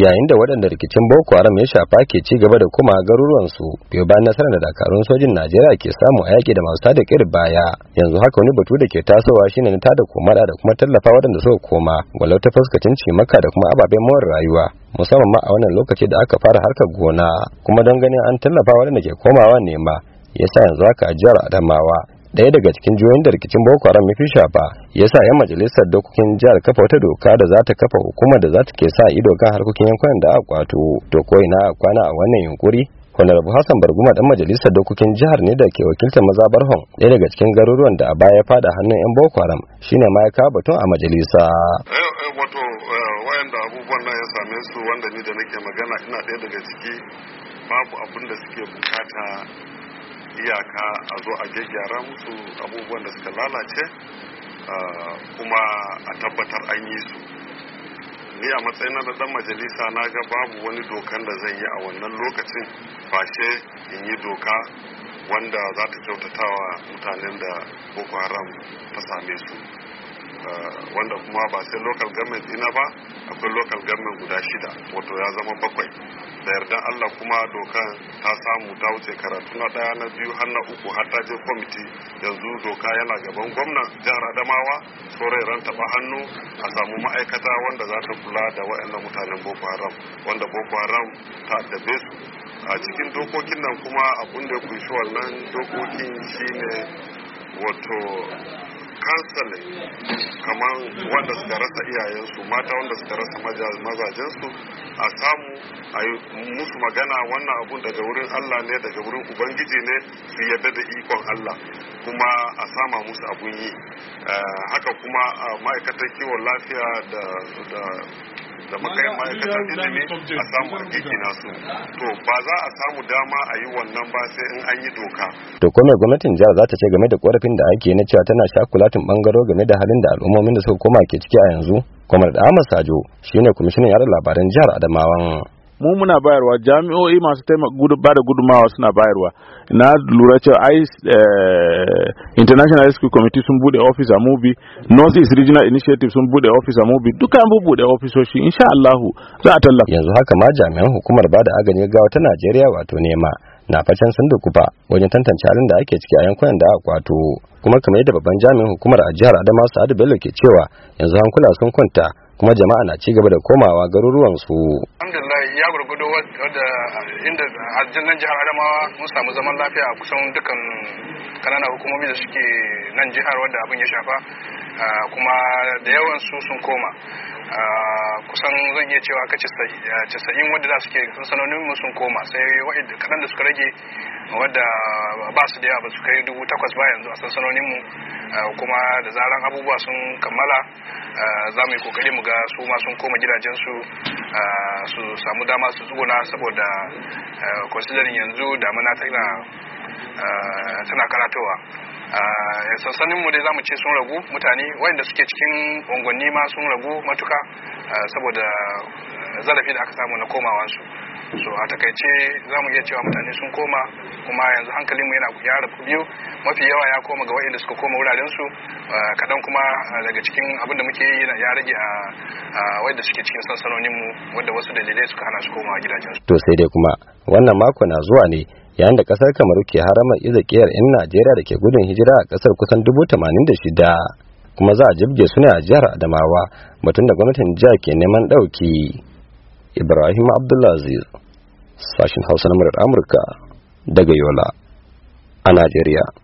yayin da waɗanda rikicin boko haram ya shafa ke ci gaba da kuma garuruwansu biyo bayan nasarar da dakarun sojin najeriya ke samu a yaki da masu tada ƙir baya yanzu haka wani batu da ke tasowa shine na tada komada da kuma tallafa waɗanda suka koma walau ta fuskacin maka da kuma ababen mawar rayuwa musamman ma a wannan lokaci da aka fara harkar gona kuma don ganin an tallafa waɗanda ke komawa nema yasa yanzu haka a jihar adamawa daya daga cikin juyin da rikicin boko haram ya fi shafa ya sa yan majalisar dokokin jihar kafa wata doka da za ta kafa hukumar da za ta ke sa ido kan harkokin yankunan da aka kwato to ko ina kwana a wannan yunkuri honorable hassan barguma dan majalisar dokokin jihar ne da ke wakiltar Maza hon Daya daga cikin garuruwan da a baya ya fada hannun yan boko haram shine ma ya kawo batun a majalisa eh, eh, wato eh, abubuwan nan ya same su wanda ni da nake magana ina daya daga ciki babu abin da suke bukata iyaka a zo a gyaggyara musu abubuwan da suka lalace kuma a tabbatar an yi su ni a matsayin da dan majalisa na ga babu wani dokan da zan yi a wannan lokacin fashe in yi doka wanda za ta kyautatawa mutanen da boko haram ta same su wanda kuma ba sai local government ina ba akwai lokal government guda shida wato ya zama bakwai da yardan allah kuma doka ta samu ta wuce karatu na daya na biyu har na uku har ta je kwamiti yanzu doka yana gaban gwamna jihar adamawa saurayi ran taba hannu a samu ma'aikata wanda za ta kula da waɗannan mutanen boko haram wanda boko haram ta addabe su a cikin dokokin nan kuma abun da ya kunshi wannan dokokin shine wato kansale kamar wanda suka rasa iyayensu mata wanda suka rasa mazajensu a samu a yi musu magana wannan abun daga wurin Allah ne daga wurin ubangiji ne su yarda da ikon Allah kuma a sama musu abun yi eh, haka kuma ma'aikatar kiwon lafiya da da matsayin ma'aikatan ilimi a samu a na su to ba za a samu dama a yi wannan ba sai in an yi doka to kuma gwamnatin jihar za ta ce game da korafin da ake na cewa tana sha shakulatin bangaro game da halin da al'ummomin da suka koma ke ciki a yanzu kamar da Ahmad Sajo shine kwamishinan yada labaran jihar Adamawan mu muna bayarwa jami'o'i masu ba da gudunmawa suna bayarwa na lura cewa ai eh, international rescue committee sun bude office a mubi north east regional initiative sun bude office a mubi duka an bude ofisoshi insha Allahu za a tallafa yanzu haka ma jami'an hukumar ba da agani gawa ta Najeriya wato nema na facen sun dukufa wajen tantance halin da ake ciki a yankunan da aka kwato kuma kamar yadda babban jami'in hukumar a jihar Adamawa Sa'adu Bello ke cewa yanzu hankula sun kwanta kuma jama'a na ci gaba da komawa garuruwansu ya gurgudo wadda inda hajjin jihar adamawa mun samu zaman lafiya a kusan dukkan kananan hukumomi da suke nan jihar wadda abin ya shafa kuma da yawan su sun koma kusan zan iya cewa ka casa'in wadda za su ke sanonin sun koma sai wadda kaɗan da suka rage wadda ba su da yawa ba su kai dubu takwas ba yanzu a sansanonin mu kuma da zaran abubuwa sun kammala za mu yi kokari mu ga su ma sun koma gidajensu su su samu dama su tsuguna saboda considering yanzu damuna tana karatowa a ah, eh, sansaninmu dai mu ce sun ragu mutane wayanda suke cikin unguwanni ma sun ragu matuka ah, saboda eh, zarafi da aka samu na komawansu so a takaice za mu iya cewa mutane sun koma kuma yanzu hankalinmu yana ya rabu biyu mafi yawa ya koma ga wayanda suka koma wurarensu ah, kaɗan kuma daga cikin abin da muke yi ya rage a waɗanda suke cikin sansanoninmu wadda wasu dalilai suka hana su komawa gidajensu. to sai dai kuma wannan mako na zuwa ne yayin da kasar kamaru ke haramar izakiyar 'yan najeriya da ke gudun hijira a kasar kusan dubu tamanin da shida kuma za a jibge su ne a jihar adamawa batun da gwamnatin jiya ke neman ɗauki ibrahim abdulaziz sashen hausa na murar amurka daga yola a najeriya